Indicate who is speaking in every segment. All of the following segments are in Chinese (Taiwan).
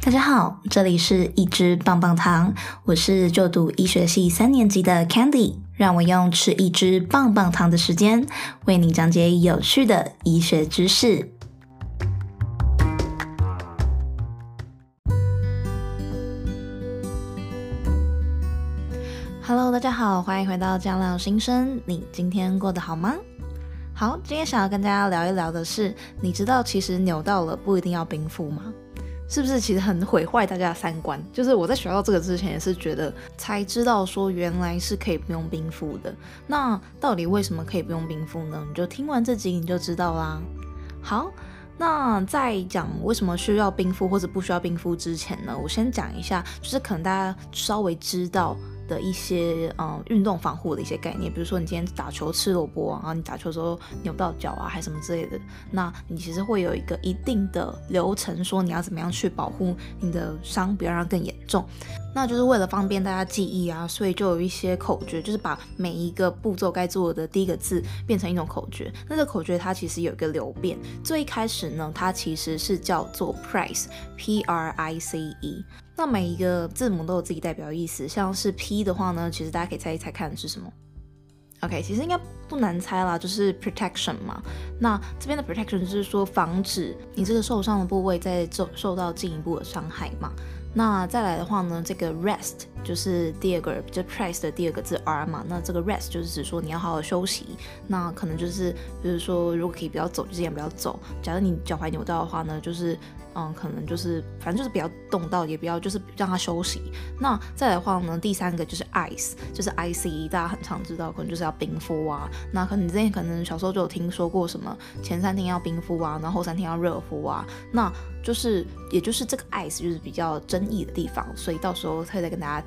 Speaker 1: 大家好，這裡是《醫知棒棒糖》，我是就讀醫學系三年級的 Candy，讓我用吃一支棒棒糖的時間，為你講解有趣的醫學知識。Hello，大家好，歡迎回到醬料心聲，你今天過得好嗎？好，今天想要跟大家聊一聊的是，你知道其實扭到了不一定要冰敷嗎？是不是其實很毀壞大家的三觀？就是我在學到這個之前也是覺得，才知道說原來是可以不用冰敷的。那到底為什麼可以不用冰敷呢？你就聽完這集你就知道啦。好，那在講為什麼需要冰敷或者不需要冰敷之前呢，我先講一下，就是可能大家稍微知道。的一些嗯，運動防護的一些概念，比如說你今天打球吃蘿蔔啊，然後你打球的時候扭到腳啊，還什麼之類的，那你其實會有一個一定的流程，說你要怎麼樣去保護你的傷，不要讓它更嚴重。那就是為了方便大家記憶啊，所以就有一些口訣，就是把每一個步驟該做的第一個字變成一種口訣。那這口訣它其實有一個流變，最一開始呢，它其實是叫做 price，P-R-I-C-E。那每一個字母都有自己代表的意思，像是 P 的話呢，其實大家可以猜一猜看是什麼。OK，其實應該不難猜啦，就是 protection 嘛。那這邊的 protection 就是說防止你這個受傷的部位再受受到進一步的傷害嘛。那再來的話呢，這個 rest。就是第二個就 price 的第二個字 r 嘛，那這個 rest 就是指說你要好好休息。那可能就是，比如說如果可以不要走，就盡量不要走。假如你腳踝扭到的話呢，就是，嗯，可能就是，反正就是不要動到，也不要就是讓他休息。那再來的話呢，第三個就是 ice，就是 ice 大家很常知道，可能就是要冰敷啊。那可能你之前可能小時候就有聽說過什麼前三天要冰敷啊，然後後三天要熱敷啊。那就是，也就是這個 ice 就是比較爭議的地方，所以到時候會再跟大家。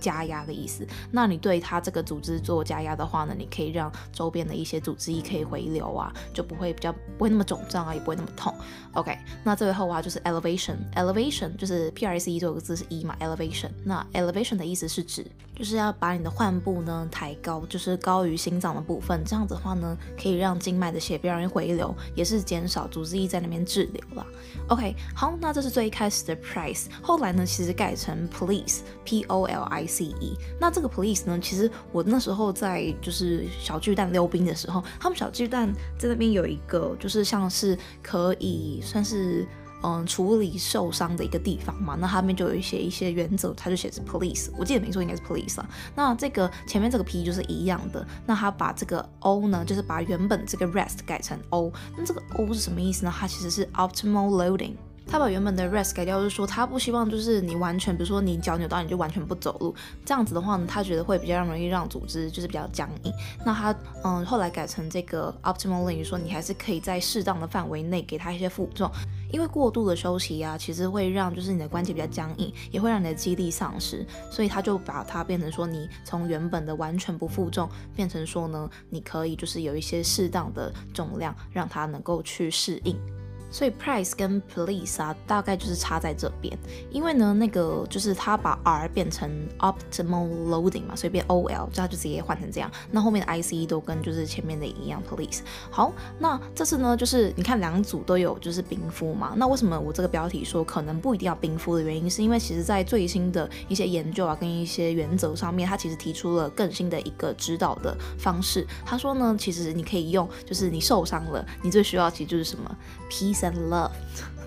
Speaker 1: 加壓的意思，那你對它這個組織做加壓的話呢，你可以讓周邊的一些組織液可以回流啊，就不會比較不會那麼腫脹啊，也不會那麼痛。OK，那最後啊就是 elevation，elevation 就是 p r i c e 有個字是 e 嘛，elevation。那 elevation 的意思是指，就是要把你的患部呢抬高，就是高於心臟的部分，這樣子的話呢可以讓靜脈的血比較容易回流，也是減少組織液在那邊滯留了。OK，好，那這是最一開始的 p r i c e 後來呢其實改成 police，p o l i。C E，那這個 police 呢？其實我那時候在就是小巨蛋溜冰的時候，他們小巨蛋在那邊有一個就是像是可以算是嗯處理受傷的一個地方嘛。那他們就有一些一些原則，他就寫是 police，我記得沒錯，應該是 police 啊。那這個前面這個 P 就是一樣的，那他把這個 O 呢，就是把原本這個 rest 改成 O，那這個 O 是什麼意思呢？它其實是 optimal loading。他把原本的 rest 改掉，就是說他不希望就是你完全，比如說你腳扭到，你就完全不走路，這樣子的話呢，他覺得會比較容易讓組織就是比較僵硬。那他嗯後來改成這個 optimal loading 說你還是可以在適當的範圍內給他一些負重，因為過度的休息啊，其實會讓就是你的關節比較僵硬，也會讓你的肌力喪失。所以他就把它變成說，你從原本的完全不負重，變成說呢，你可以就是有一些適當的重量，讓他能夠去適應。所以 price 跟 police 啊，大概就是差在這邊，因為呢，那個就是他把 R 變成 optimal loading 嘛，所以變 O L，他就直接換成這樣。那後面的 ICE 都跟就是前面的一樣，police。好，那這次呢，就是你看兩組都有就是冰敷嘛，那為什麼我這個標題說可能不一定要冰敷的原因，是因為其實在最新的一些研究啊跟一些原則上面，他其實提出了更新的一個指導的方式。他說呢，其實你可以用，就是你受傷了，你最需要其實就是什麼 PEACE。and love，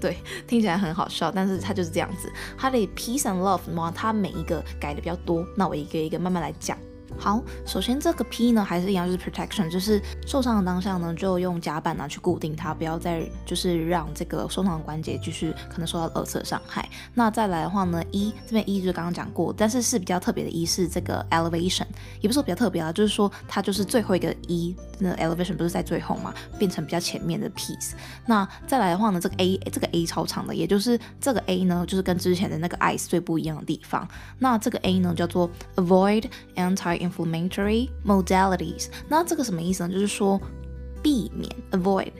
Speaker 1: 對，聽起來很好笑，但是它就是這樣子。它的 peace and love 嘛，它每一個改的比較多，那我一個一個慢慢來講。好，首先這個 P 呢還是一樣，就是 protection，就是受傷的當下呢，就用夾板呢、啊、去固定它，不要再就是讓這個受傷的關節繼續可能受到二次傷害。那再來的話呢，一、e, 這邊一、e、就剛剛講過，但是是比較特別的、e，E 是這個 elevation，也不是說比較特別啊，就是說它就是最後一個一、e,，那 elevation 不是在最後嘛，變成比較前面的 PEACE。那再來的話呢，這個 A 這個 A 超長的，也就是這個 A 呢，就是跟之前的那個 ice 最不一樣的地方。那這個 A 呢叫做 avoid anti。e inflammatory modalities，那這個什麼意思呢？就是說避免 avoid，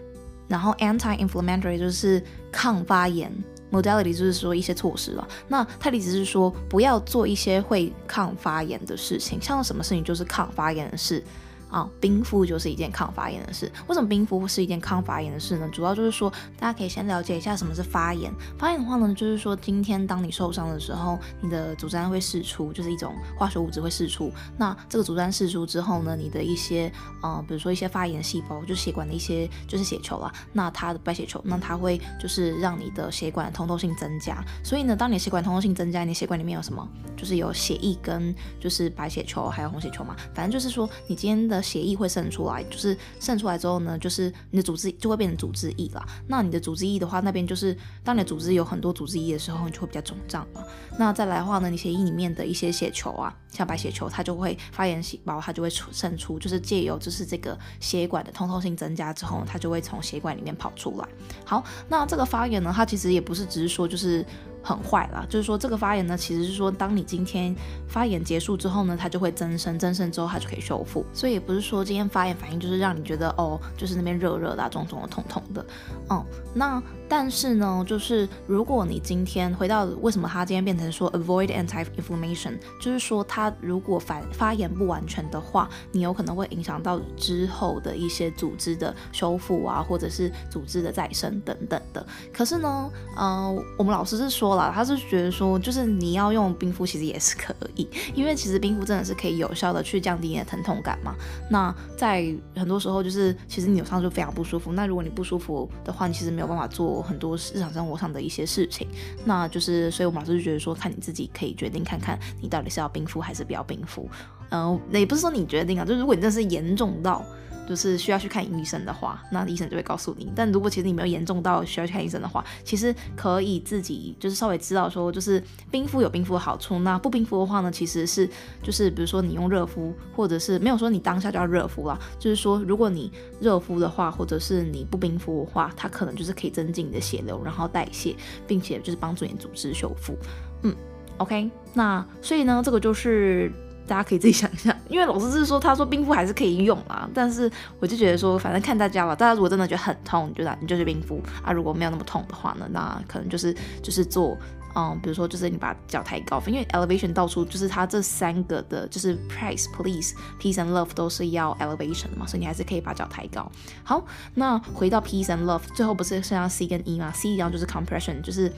Speaker 1: 然後 anti-inflammatory 就是抗發炎 modalities，就是說一些措施了。那他的意思就是說不要做一些會抗發炎的事情，像什麼事情就是抗發炎的事。啊，冰敷就是一件抗發炎的事。為什麼冰敷是一件抗發炎的事呢？主要就是說，大家可以先了解一下什麼是發炎。發炎的話呢，就是說，今天當你受傷的時候，你的組織胺會釋出，就是一種化學物質會釋出。那這個組織胺釋出之後呢，你的一些呃，比如說一些發炎細胞，就是血管的一些，就是血球啦，那它的白血球，那它會就是讓你的血管的通透性增加。所以呢，當你血管通透性增加，你血管裡面有什麼？就是有血液跟就是白血球還有紅血球嘛。反正就是說，你今天的。血液會滲出來，就是滲出來之後呢，就是你的組織就會變成組織液了。那你的組織液的話，那邊就是，當你的組織有很多組織液的時候，你就會比較腫脹嘛。那再來的話呢，你血液裡面的一些血球啊，像白血球，它就會發炎細胞，它就會滲出，就是借由就是這個血管的通透性增加之後，它就會從血管裡面跑出來。好，那這個發炎呢，它其實也不是只是說就是。很壞啦，就是說這個發炎呢，其實是說，當你今天發炎結束之後呢，它就會增生，增生之後它就可以修復，所以也不是說今天發炎反應就是讓你覺得哦，就是那邊熱熱的、腫腫的、痛痛的，嗯，那但是呢，就是如果你今天回到為什麼他今天變成說 avoid anti-inflammation，就是說他如果反發炎不完全的話，你有可能會影響到之後的一些組織的修復啊，或者是組織的再生等等的。可是呢，嗯、呃，我們老師是說。他是覺得說，就是你要用冰敷，其實也是可以，因為其實冰敷真的是可以有效的去降低你的疼痛感嘛。那在很多時候，就是其實扭傷就非常不舒服。那如果你不舒服的話，你其實沒有辦法做很多日常生活上的一些事情。那就是，所以我馬上就覺得說，看你自己可以決定，看看你到底是要冰敷還是不要冰敷。嗯、呃，那也不是說你決定啊，就是如果你真的是嚴重到就是需要去看醫生的話，那醫生就會告訴你。但如果其實你沒有嚴重到需要去看醫生的話，其實可以自己就是稍微知道說，就是冰敷有冰敷的好處，那不冰敷的話呢，其實是就是比如說你用熱敷，或者是沒有說你當下就要熱敷啦。就是說如果你熱敷的話，或者是你不冰敷的話，它可能就是可以增進你的血流，然後代謝，並且就是幫助你組織修復。嗯，OK，那所以呢，這個就是。大家可以自己想一下，因為老師是說，他說冰敷還是可以用啦，但是我就覺得說，反正看大家了。大家如果真的覺得很痛，你就打，你就是冰敷啊；如果沒有那麼痛的話呢，那可能就是就是做嗯，比如說就是你把腳抬高，因為 elevation 到處就是它這三個的，就是 price, police，peace and love 都是要 elevation 的嘛，所以你還是可以把腳抬高。好，那回到 peace and love 最後不是剩下 C 跟 E 嗎？C 一樣就是 compression，就是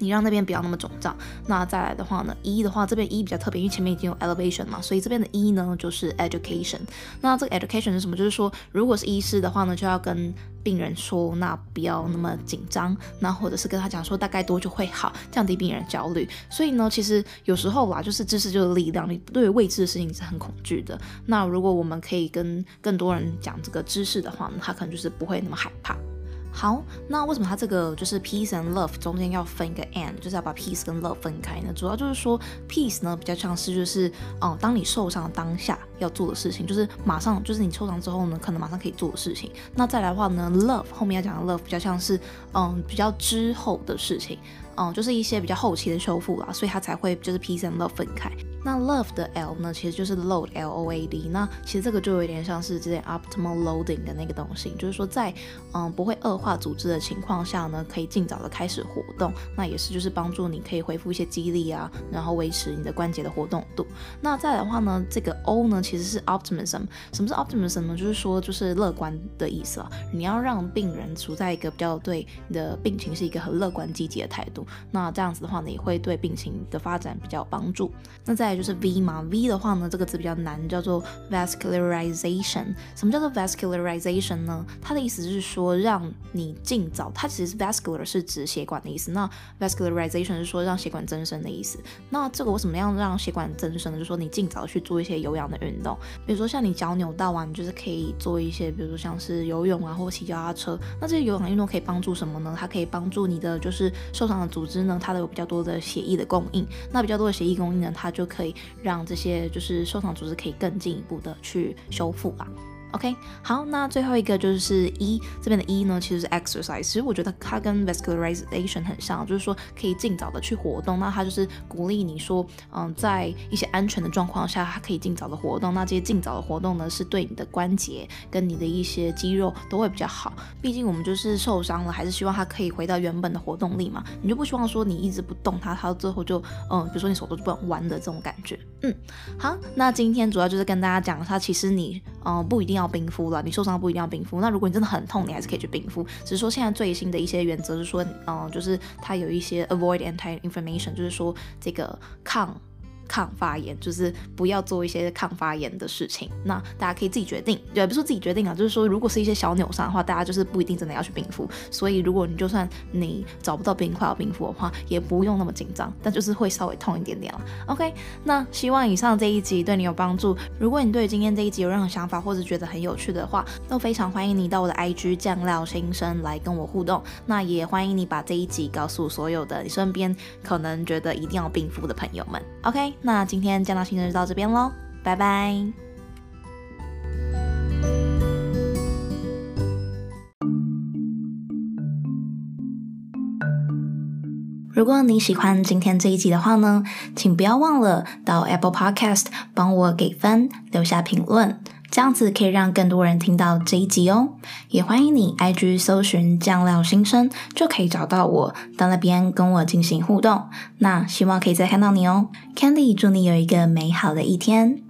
Speaker 1: 你讓那邊不要那麼腫脹。那再來的話呢，E 的話這邊 E 比較特別，因為前面已經有 elevation 嘛，所以這邊的 E 呢就是 education。那這個 education 是什麼？就是說，如果是醫師的話呢，就要跟病人說，那不要那麼緊張，那或者是跟他講說大概多久會好，降低病人焦慮。所以呢，其實有時候啦，就是知識就是力量。你對於未知的事情是很恐懼的。那如果我們可以跟更多人講這個知識的話呢，他可能就是不會那麼害怕。好，那為什麼它這個就是 peace and love 中間要分一個 and，就是要把 peace 跟 love 分開呢？主要就是說 peace 呢比較像是就是，嗯，當你受傷當下要做的事情，就是馬上就是你受傷之後呢，可能馬上可以做的事情。那再來的話呢，love 後面要講的 love 比較像是，嗯，比較之後的事情，嗯，就是一些比較後期的修復啦，所以它才會就是 peace and love 分開。那 love 的 l 呢，其實就是 load L O A D，那其實這個就有一點像是這件 optimal loading 的那個東西，就是說在嗯不會惡化組織的情況下呢，可以盡早的開始活動，那也是就是幫助你可以恢復一些肌力啊，然後維持你的關節的活動度。那再來的話呢，這個 o 呢其實是 optimism，什麼是 optimism 呢？就是說就是樂觀的意思啊。你要讓病人處在一個比較對你的病情是一個很樂觀積極的態度，那這樣子的話呢，也會對病情的發展比較有幫助。那在再就是 V 嘛，V 的話呢，這個字比較難，叫做 vascularization。什麼叫做 vascularization 呢？它的意思就是說讓你儘早，它其實是 vascular 是指血管的意思，那 vascularization 是說讓血管增生的意思。那這個我怎麼樣讓血管增生呢？就是說你儘早去做一些有氧的運動，比如說像你腳扭到啊，你就是可以做一些，比如說像是游泳啊，或騎腳踏車。那這些有氧運動可以幫助什麼呢？它可以幫助你的就是受傷的組織呢，它都有比較多的血液的供應。那比較多的血液供應呢，它就可以可以讓這些就是受傷組織可以更進一步的去修復吧。OK，好，那最後一個就是 E，這邊的 E 呢，其實是 exercise。其實我覺得它跟 vascularization 很像，就是說可以儘早的去活動。那它就是鼓勵你說，嗯、呃，在一些安全的狀況下，它可以儘早的活動。那這些儘早的活動呢，是對你的關節跟你的一些肌肉都會比較好。畢竟我們就是受傷了，還是希望它可以回到原本的活動力嘛。你就不希望說你一直不動它，它最後就嗯、呃，比如說你手都不能彎的這種感覺。嗯，好，那今天主要就是跟大家講，它其實你嗯、呃、不一定。要冰敷了，你受傷不一定要冰敷。那如果你真的很痛，你還是可以去冰敷。只是說現在最新的一些原則是說，嗯，就是它有一些 avoid anti inflammation，就是說這個抗。抗發炎，就是不要做一些抗發炎的事情，那大家可以自己決定，也不是自己決定啊，就是說如果是一些小扭傷的話，大家就是不一定真的要去冰敷，所以如果你就算你找不到冰塊要冰敷的話，也不用那麼緊張，但就是會稍微痛一點點了。OK，那希望以上這一集對你有幫助。如果你對今天這一集有任何想法或者覺得很有趣的話，都非常歡迎你到我的 IG 醬料心聲來跟我互動。那也歡迎你把這一集告訴所有的你身邊可能覺得一定要冰敷的朋友們。OK。那今天醬料心聲就到這邊嘍，拜拜！如果你喜歡今天這一集的話呢，請不要忘了到 Apple Podcast 幫我給分，留下評論。這樣子可以讓更多人聽到這一集哦，也歡迎你 IG 搜尋醬料心聲就可以找到我，到那邊跟我進行互動。那希望可以再看到你哦，Candy，祝你有一個美好的一天。